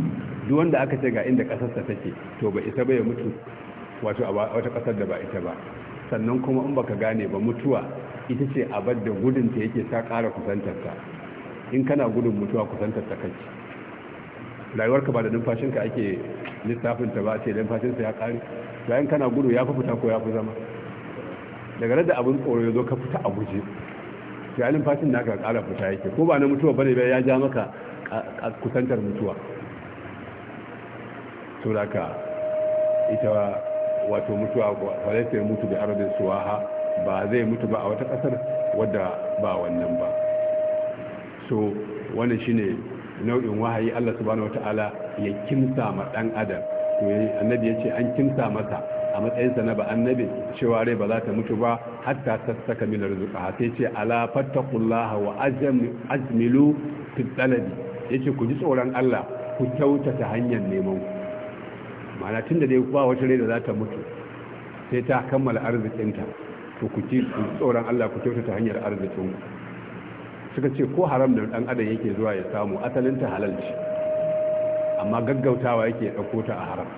duk wanda aka ce ga inda kasar sa take to ba ita ba ya mutu wato a wata kasar da ba ita ba sannan kuma in baka gane ba mutuwa ita ce abar da gudunta yake ta ƙara kusantarta in kana gudun mutuwa kusantarta kanki rayuwarka ba da numfashinka ake lissafinta ba ce numfashinsa ya ƙare bayan kana gudu ya fi fita ko ya fi zama daga da abin tsoro ya zo ka fita a guje ya numfashin naka ƙara fita yake ko ba na mutuwa bane bai ya ja maka kusantar mutuwa to ita wato mutuwa ko sai mutu da arabin suwaha ba zai mutu ba a wata kasar wadda ba wannan ba so wannan shine nau'in wahayi Allah subhanahu wataala ya kimsa ma dan adam to annabi ya ce an kimsa masa a matsayinsa na ba annabi cewa rai ba za ta mutu ba hatta sassaka min rizqa sai ce ala fattakullaha wa azmilu fi talabi yace ku ji tsoron Allah ku kyautata hanyar neman ku tun da dai ba wata rai da za ta mutu sai ta kammala arzikinta to ku ci tsoron Allah ku kyautata hanyar arzikin suka ce ko haram da dan adam yake zuwa ya samu asalin ta halal ce amma gaggautawa yake dauko ta a haram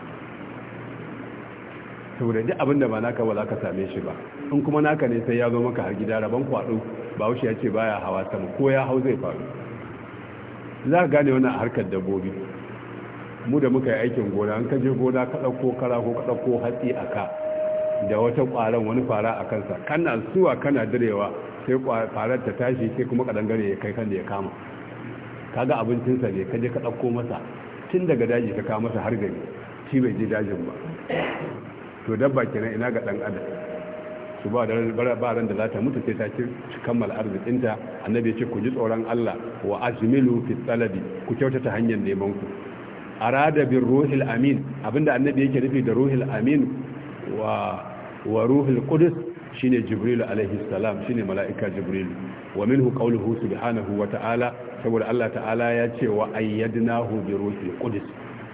saboda duk abin da ba naka ba za ka same shi ba in kuma naka ne sai ya zo maka har gida rabon kwaɗo ba wuce ya ce baya hawa sama ko ya hau zai faru za ka gane wannan harkar dabbobi mu da muka yi aikin gona an kaje gona ka ɗauko kara ko ka ɗauko hatsi a ka da wata ƙwaron wani fara a kansa kana suwa kana direwa sai farar ta tashi sai kuma kadangare ya kai kan da ya kama kaga abincinsa ne kaje ka ɗauko masa tun daga daji ka kama masa har gari shi bai je dajin ba to dabba kenan ina ga ɗan adam su ba ran da za ta mutu sai ta ci kammala arzikinta annabi ya ce ku ji tsoron Allah wa azmilu fi talabi ku ta hanyar neman ku arada bin ruhil amin abinda annabi yake nufi da ruhil amin wa wa ruhul qudus shine jibril alaihi salam shine mala'ika jibril wa minhu qawluhu subhanahu wa ta'ala saboda Allah ta'ala ya ce wa ayyadnahu bi ruhul qudus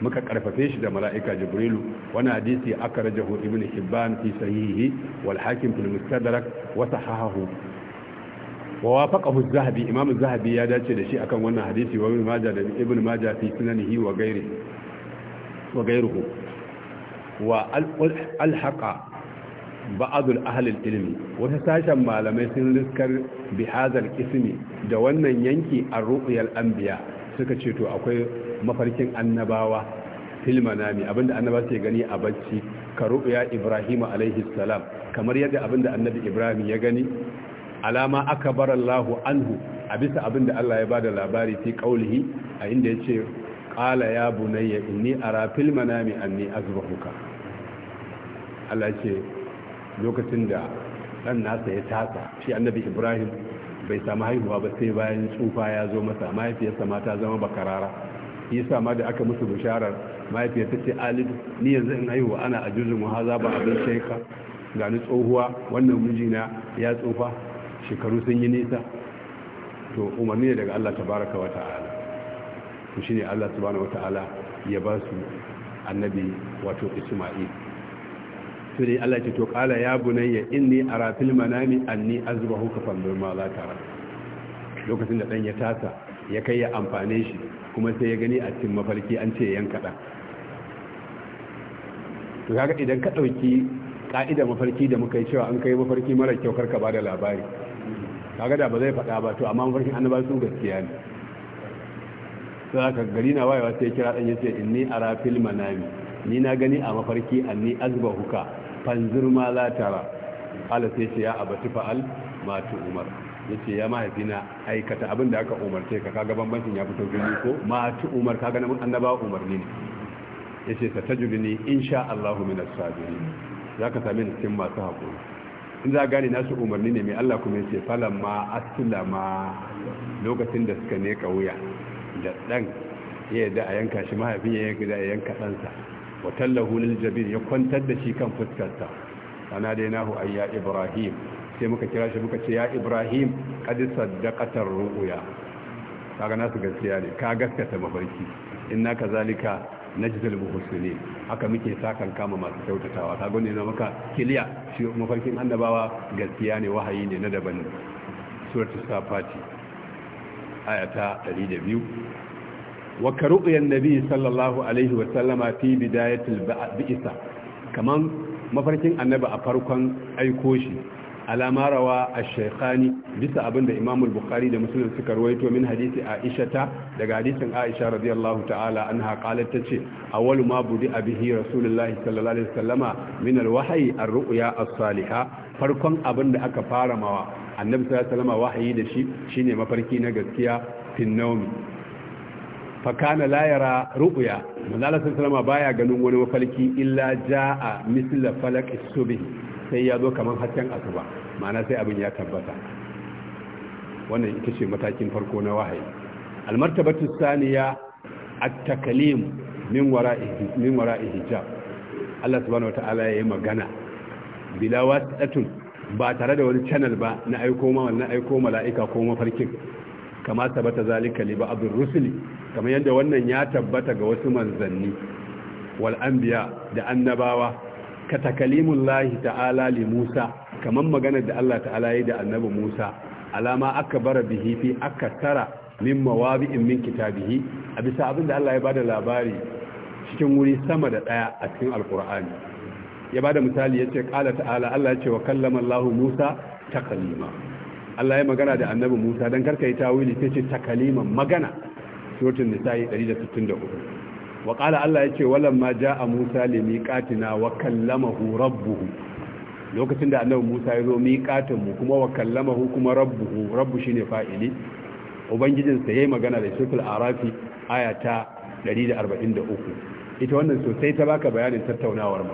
muka karfafe shi da mala'ika jibrilu wani hadisi aka rajahu ibn hibban fi sahihi wal hakim fil mustadrak wa sahahahu wa wafaqahu az-zahabi imam zahabi ya dace da shi akan wannan hadisi wa ibn majah da ibn majah fi sunanihi wa ghairihi wa alhaqa ba'adul ahlil ilimi, wata sashen malamai sun riskar bihazar ismi da wannan yanki a an anbiya suka ce to akwai mafarkin annabawa fil abinda annaba ke gani a bacci ka ruɓuya ibrahim alaihi salam kamar yadda abinda annabi ibrahim ya gani alama aka barallahu anhu a bisa abinda Allah ya ba da labari fi qaulihi a inda ya ce ƙala ya bunayya inni ara fil manami anni azbahuka Allah ce lokacin da ɗan nasa ya tasa shi annabi ibrahim bai samu haihuwa ba sai bayan tsufa ya zo masa mahaifiyarsa ma ta zama bakarara yasa ma da aka musu bisharar mahaifiyar ta ce alid ni yanzu in haihuwa ana a juzun wahaza ba abin shaika ga ni tsohuwa wannan mijina ya tsufa shekaru sun yi nisa to umarni ne daga Allah tabaraka wa ta'ala to shine Allah subhanahu wa ta'ala ya ba su annabi wato Isma'il to dai Allah ce to kala ya bunayya inni ara fil manami anni azbahu ka fandur ma za ka lokacin da dan ya tasa ya kai ya amfane shi kuma sai ya gani a cikin mafarki an ce yanka kada to kaga idan ka dauki ka'ida mafarki da muka yi cewa an kai mafarki mara kyau karka ba da labari kaga da ba zai faɗa ba to amma mafarkin annaba su gaskiya ne sai aka gari na wayewa sai kira dan yace inni ara fil manami ni na gani a mafarki anni azbahuka fanzir ma la tara qala sai ce ya abati fa'al ma tu umar yace ya mahaifina aikata abin da aka umarce ka kaga bambancin ya fito gani ko ma tu umar kaga nan annaba umarni ne yace satajibni insha Allah min as-sabirin zaka sami ni cikin masu hakuri in za gane na su umarni ne mai Allah kuma yace ma aslama lokacin da suka ne kauya da dan ya yadda a yanka shi mahaifin ya yanka da yanka ɗansa wa tallahu ya kwantar da shi kan fuskarta ana dai nahu ibrahim sai muka kira shi muka ce ya ibrahim qad saddaqatar ru'ya kaga nasu gaskiya ne ka gaskata mafarki inna kazalika najdul muhsinin haka muke sakan kama masu kyautatawa kaga ne na maka kiliya shi mafarkin annabawa gaskiya ne wahayi ne na daban suratul safati aya ta 102 wa ka nabi sallallahu alaihi wa sallama fi bidayatil ba'isa kaman mafarkin annabi a farkon aiko shi alama rawa ash-shaykhani bisa abinda imam al-bukhari da muslim suka ruwaito min hadisi aisha ta daga hadisin aisha radiyallahu ta'ala anha qalat tace awwalu ma budi bihi rasulullahi sallallahu alaihi wasallama min al-wahyi ar-ru'ya as-saliha farkon abinda aka fara mawa annabi sallallahu alaihi wasallama wahayi da shi shine mafarki na gaskiya fin naumi fakana la yara ru'ya manzala sallama baya ganin wani mafalki illa jaa misla falaq as-subh sai ya zo kaman hasken asuba ma'ana sai abin ya tabbata wannan ita ce matakin farko na wahayi almartabatu saniya at-takalim min wara'i min wara'i hijab Allah subhanahu wata'ala yayi magana bila wasatun ba tare da wani channel ba na aiko ma wannan aiko mala'ika ko mafarkin kama tabbata zalika li ba'd rusuli kamar yadda wannan ya tabbata ga wasu manzanni wal anbiya da annabawa ka takalimullahi ta'ala li Musa kamar maganar da Allah ta'ala yi da annabi Musa alama akbara bihi fi akthara min mawabi'in min kitabihi a bisa abin da Allah ya bada labari cikin wuri sama da daya a cikin alqur'ani ya bada misali yace qala ta'ala Allah ya ce wa kallama Allah Musa takalima Allah ya magana da annabi Musa dan karka yi tawili sai ce takaliman magana suratul nisa'i 164 wa qala Allah ma walamma jaa Musa li miqatina wa kallamahu rabbuhu lokacin da annabi Musa ya zo miqatin mu kuma wa kallamahu kuma rabbuhu rabbu shine fa'ili ubangijin sa yayi magana da suratul arafi aya ta 143 ita wannan sosai ta baka bayanin tattaunawar ma,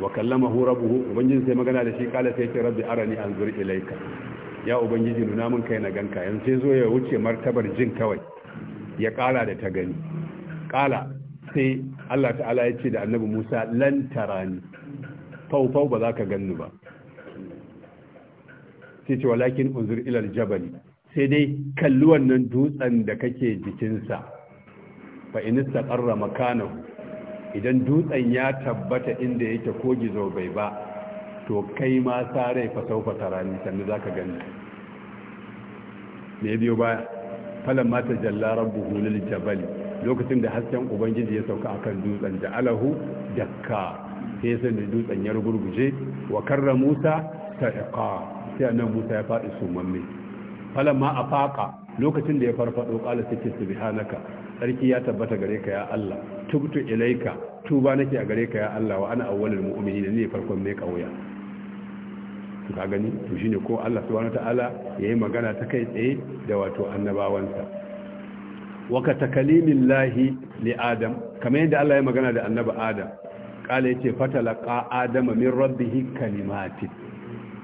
wa kallamahu rabbuhu ubangijin sai magana da shi kala sai ce rabbi arani anzur ilayka ya ubangiji nuna mun kai na ganka yanzu sai zo ya wuce martabar jin kawai ya kala da ta gani ƙala sai Allah ta'ala ya ce da annabi Musa lan tarani faufau ba za ka ganni ba sai ce walakin unzur ilal jabali sai dai kalli wannan dutsen da kake jikinsa fa inista karra makanahu idan dutsen ya tabbata inda yake ko gizo bai ba to kai ma sarai fasaufa tarani sannu za ka gani ne biyo ba falon mata jallaran buhulul jabali lokacin da hasken ubangiji ya sauka akan dutsen ja'alahu dakka sai sai da dutsen ya rugurguje wa karra musa iqa sai annan musa ya faɗi mamme falon ma a faƙa lokacin da ya farfaɗo ƙala suke hanaka tsarki ya tabbata gare ka ya Allah tubtu ilaika tuba nake a gare ka ya Allah wa ana awwalul mu'minin ne farkon mai kauya su ka gani to shine ko Allah subhanahu wataala yayi magana ta kai tsaye da wato annabawansa waka lahi li adam kamar yadda Allah ya magana da annabi adam kala yace fatalaqa adam min rabbihi kalimati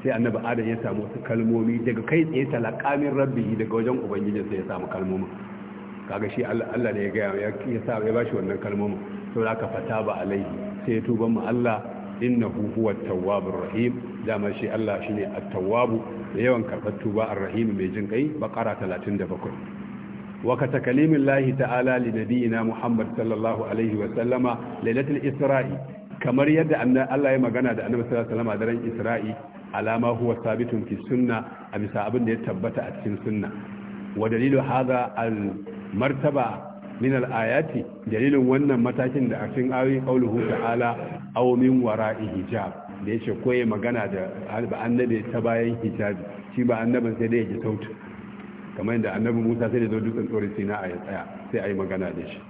sai annabi adam ya samu su kalmomi daga kai tsaye talaqa min rabbihi daga wajen sai ya samu kalmomi kaga shi Allah ne ya ga ya sa ya bashi wannan kalmomi saboda ka fata ba alaihi sai ya tuba mu Allah innahu huwa tawwabur rahim dama shi Allah shi ne a tawabu da yawan karɓar tuba a rahimu mai jin ƙai bakara 37 waka ta kalimin lahi ta'ala li nabiyina muhammad sallallahu alaihi wasallama lailatul isra'i kamar yadda Allah ya magana da annabi sallallahu alaihi wasallama daren isra'i alama huwa sabitun fi sunna a bisa abin da ya tabbata a cikin sunna wa dalilu hadha al martaba min al ayati dalilin wannan matakin da a cikin ayoyin qauluhu ta'ala aw min wara'i hijab da ya ce koye magana da halba annabi ta bayan hijabi shi ba annabin sai dai ya ji sautin kamar yadda annabin musa sai da zo dutsen tsorin sina a ya tsaya sai a yi magana da shi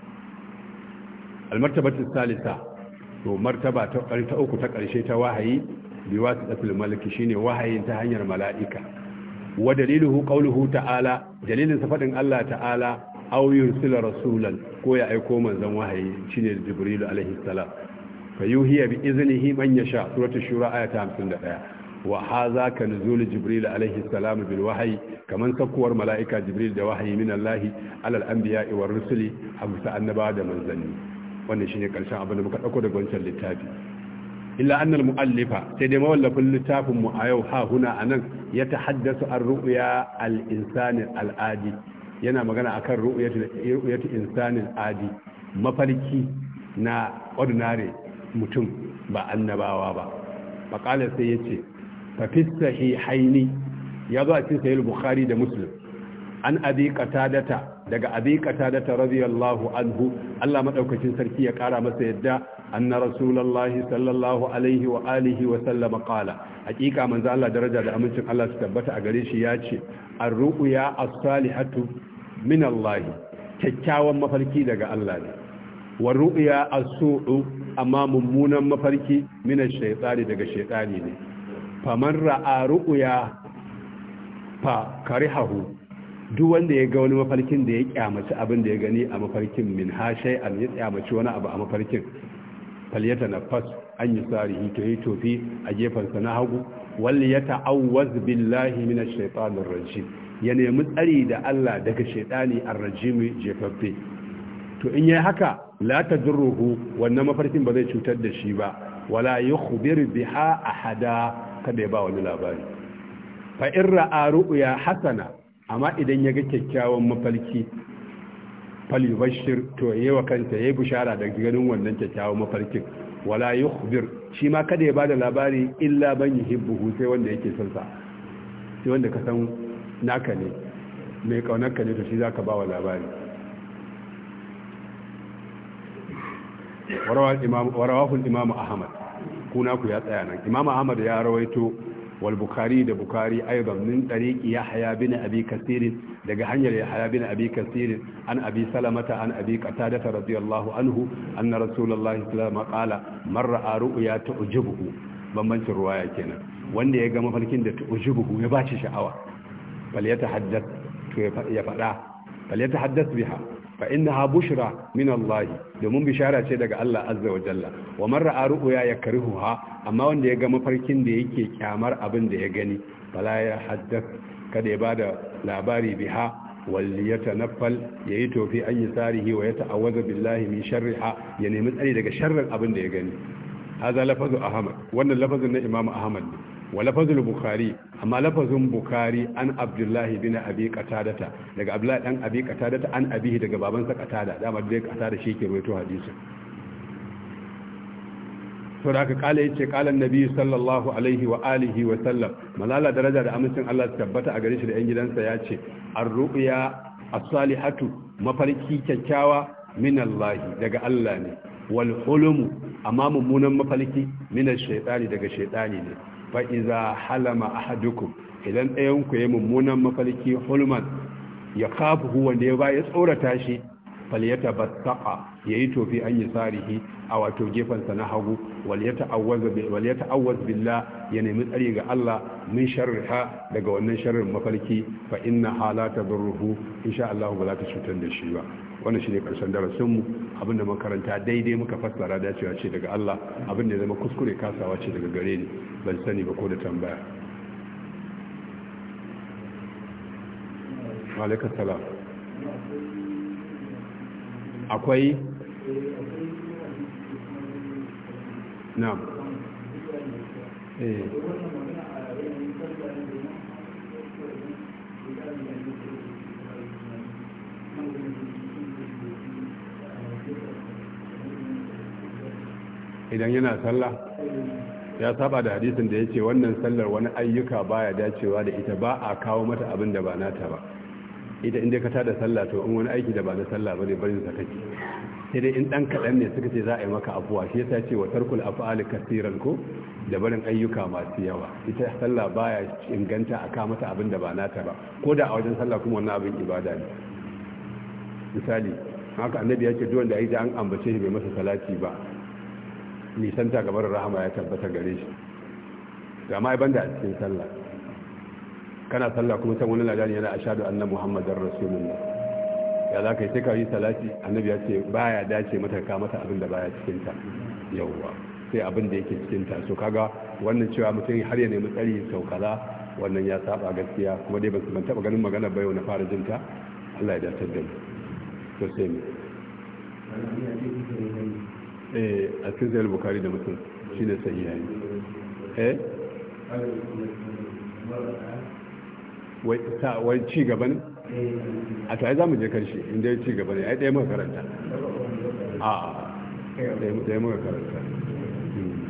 almartabatin salisa to martaba ta uku ta ƙarshe ta wahayi biwa su ɗafil maliki shine wahayin ta hanyar mala'ika wa daliluhu qauluhu ta'ala dalilin faɗin Allah ta'ala aw yursila rasulan ko ya aiko manzon wahayi shine jibrilu alaihi salam fayuhiya bi iznihi man yasha suratul shura ayata 51 wa hadha ka nuzul jibril alaihi salam bil wahyi kaman sakkuwar malaika jibril da wahyi min Allah alal anbiya'i war rusuli hamsa annaba da manzanni wannan shine karshen abin da muka dauko daga wancan littafi illa annal muallifa sai dai mawallafin littafin mu a yau ha huna anan ya tahaddasu an ru'ya al insani al adi yana magana akan ru'yatu ru'yatu insanin adi mafarki na ordinary mutum ba annabawa ba faƙala sai ya ce fafista haini ya zo a cikin sayil bukari da muslim an abi qatadata daga abi qatadata radiyallahu anhu Allah maɗaukacin sarki ya ƙara masa yadda anna rasulallahi sallallahu alaihi wa alihi wa sallam qala hakika manzo Allah daraja da amincin Allah su tabbata a gare shi yace ar-ru'ya as-salihatu min Allah kyakkyawan mafarki daga Allah ne wa ru'ya as-su'u amma mummunan mafarki min ash-shaytani daga shaytani ne faman ra'a ru'ya fa karihahu duk wanda ya ga wani mafarkin da ya kyamaci abin da ya gani a mafarkin min ha shay'an ya kyamaci wani abu a mafarkin falyata nafas an yi sarihi to yi tofi a sa na hagu wal ya ta'awwaz billahi min ash-shaytanir rajim ya nemi tsari da Allah daga shaytani ar-rajim jefaffe to in yayi haka la Ruhu, wannan mafarkin ba zai cutar da shi ba wala yi yukhbir biha ahada kada ya ba wani labari fa a ra'a ya hasana amma idan ya ga kyakkyawan mafarki fal bashir to yi wa kanta yi bushara da ganin wannan kyakkyawan mafarkin wala yi yukhbir shi ma kada ya da labari illa ban yi yuhibbuhu sai wanda yake sansa sai wanda ka san naka ne mai ka ne to shi za ka ba wa labari warawahul imamu ahmad kuna ku ya tsaya nan imamu ahmad ya rawaito wal bukari da bukari aidan min ya haya bin abi kasir daga hanyar haya bin abi kasir an abi salamata an abi qatada radiyallahu anhu anna rasulullahi sallallahu alaihi wasallam qala man ra'a ru'ya tu'jibuhu bambancin ruwaya kenan wanda ya ga mafarkin da tu'jibuhu ya bashi sha'awa bal yatahaddath to ya fada bal yatahaddath biha fa ha bushra min Allah domin bishara ce daga Allah azza wa jalla wa man ra'a ru'ya yakrihuha amma wanda ya ga mafarkin da yake kyamar abin da ya gani Bala ya haddath kada ya bada labari biha wal yatanaffal yayi tofi an yasarihi wa yata'awwaza billahi min sharriha ya nemi tsari daga sharrin abin da ya gani hadha lafazu ahmad wannan lafazin na imam ahmad ne wa lafazul bukhari amma lafazin bukhari an abdullahi bin abi qatadata daga abdullahi dan abi qatadata an abihi daga baban babansa qatada dama dai qatada shi ke rawaito hadisin to da aka kala yace kala annabi sallallahu alaihi wa alihi wa sallam malala daraja da amincin Allah ta tabbata a gare shi da yan gidansa yace ar-ru'ya as-salihatu mafarki kyakkyawa minallahi daga Allah ne wal hulum amma mummunan mafarki min ash-shaytani daga shaytani ne fa iza halama ahadukum idan ɗayan ku yayi mummunan mafarki hulman ya kafu huwa da ya ba ya tsorata shi falyata battaqa yayi tofi an yi a wato sa na hagu walyata awwaz billah ya nemi tsari ga Allah min sharriha daga wannan sharrin mafarki fa inna halata durruhu insha Allah ba za ta cutar da shi ba wannan ne karshen darasinmu mu abinda makaranta daidai muka fassara dacewa ce daga Allah abinda zama kuskure kasawa ce daga gare ni ban sani ba ko da tambaya alaikum salam idan yana sallah ya saba da hadisin da ya ce wannan sallar wani ayyuka baya dacewa da ita ba a kawo mata abin da ba nata ba ita inda ka tada sallah to in wani aiki da ba na sallah ba ne barin sa kake sai dai in dan kadan ne suka ce za a yi maka afuwa shi yasa ce wa tarkul afali kasiran ko da barin ayyuka masu yawa ita sallah baya inganta a kawo mata abin da ba nata ba ko da a wajen sallah kuma wannan abin ibada ne misali haka annabi ya ce duk wanda ya ji an ambace shi bai masa salati ba nisanta gabar rahama ya tabbatar gare shi ga ma a cikin sallah kana sallah kuma san wani ladani yana ashadu anna muhammadar rasulullah ya za ka yi sai yi salati annabi ya ce ya dace mata ka mata abin da ya cikin ta yawwa sai abin da yake cikin ta so kaga wannan cewa mutum har ya nemi tsari sau wannan ya saba gaskiya kuma dai ban taba ganin magana ba yau na fara jinta Allah ya dace da mu to sai mu Eh, a cikin bukari da mutum shi ne sai yayi eh wai ci gaba ne a tare za mu je karshe inda ya ci gaba ne ai ɗaya muka karanta a ɗaya muka karanta hmm.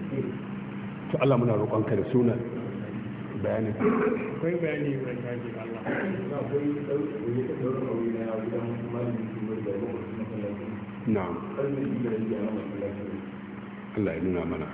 to Allah muna roƙon ka da sunan bayanin akwai bayani mai kaji Allah akwai da da na'am Allah ya nuna mana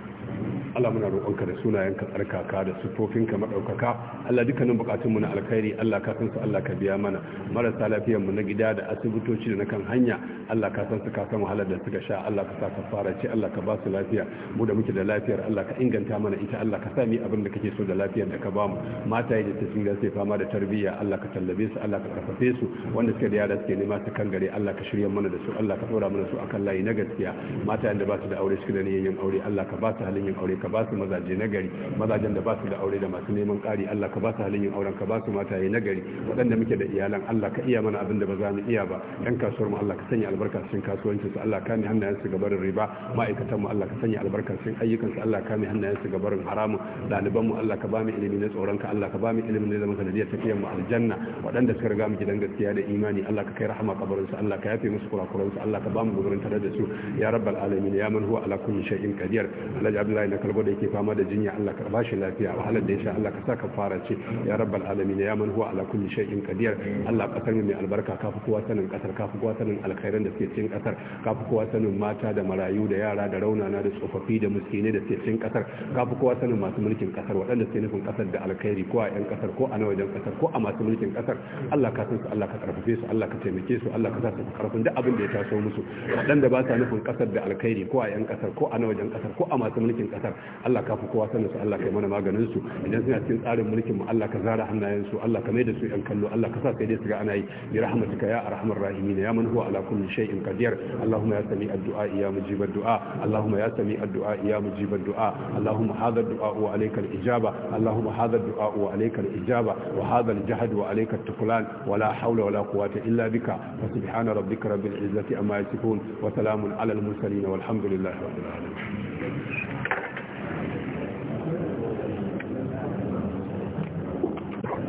Allah muna roƙonka da sunayenka tsarkaka da siffofinka madaukaka Allah dukkanin buƙatunmu na alkhairi Allah ka san su Allah ka biya mana marasa lafiyar mu na gida da asibitoci da na kan hanya Allah ka san su ka san wahalar da suka sha Allah ka sa ka fara ce Allah ka ba su lafiya mu da muke da lafiyar Allah ka inganta mana ita Allah ka sami abin da kake so da lafiyar da ka ba mu mataye da tasiri sai fama da tarbiyya Allah ka tallabe su Allah ka karfafe su wanda suka da yara suke nema su kan gare Allah ka shirya mana da su Allah ka dora mana su akan layi na gaskiya mata da ba su da aure suke da niyyar aure Allah ka ba su halin halin yin aure ka ba su mazaje na gari mazajen da ba su da aure da masu neman ƙari Allah ka ba su halin yin auren ka ba su mataye na gari waɗanda muke da iyalan Allah ka iya mana abin da ba za mu iya ba ɗan kasuwar mu Allah ka sanya albarka cikin kasuwancin su Allah ka mi hannayen su gabarin riba ma'aikatan mu Allah ka sanya albarka cikin ayyukan su Allah ka mi hannayen su gabarin haramun ɗaliban mu Allah ka ba mu ilimi na tsoron ka Allah ka ba mu ilimin da zaman sanadiyar tafiyar mu aljanna waɗanda suka riga mu gidan gaskiya da imani Allah ka kai rahama kabarin su Allah ka yafe musu kurakuran su Allah ka ba mu gudurin tare da su ya rabbal alamin ya man huwa ala kulli shay'in qadir alhaji abdullahi na kalbo da yake fama da jinya Allah ka ba shi lafiya wahalar da ya sha Allah ka sa ka fara ce ya rabbal alamin ya man huwa ala kulli shay'in qadir Allah kasar mai albarka kafi kowa sanin kasar kafi kowa sanin alkhairan da suke cikin kasar kafi kowa sanin mata da marayu da yara da raunana da tsofaffi da miskinai da suke cikin kasar kafi kowa sanin masu mulkin kasar waɗanda suke nufin kasar da alkhairi ko a yan kasar ko a na wajen kasar ko a masu mulkin kasar Allah ka san su Allah ka karfafe su Allah ka taimake su Allah ka sa su karfin duk abin da ya taso musu waɗanda ba sa nufin kasar da alkhairi ko a yan kasar ko a na kasar ko a masu mulkin mulkin kasar Allah ka fi kowa sanin su Allah kai mana maganin su idan suna cikin tsarin mulkin mu Allah ka zara hannayen su Allah ka da su yan kallo Allah ka sa sai dai su ga ana yi bi rahmatika ya arhamar rahimin ya man huwa ala kulli shay'in qadir Allahumma ya sami addu'a ya mujib addu'a Allahumma ya sami addu'a ya mujib addu'a Allahumma hadha addu'a wa alayka al-ijaba Allahumma hadha addu'a wa alayka al-ijaba wa hadha al-jahd wa alayka at-tuqlan wa la hawla wa la quwwata illa bika fa subhana rabbika rabbil izzati amma yasifun wa salamun ala al-mursalin والحمد لله رب العالمين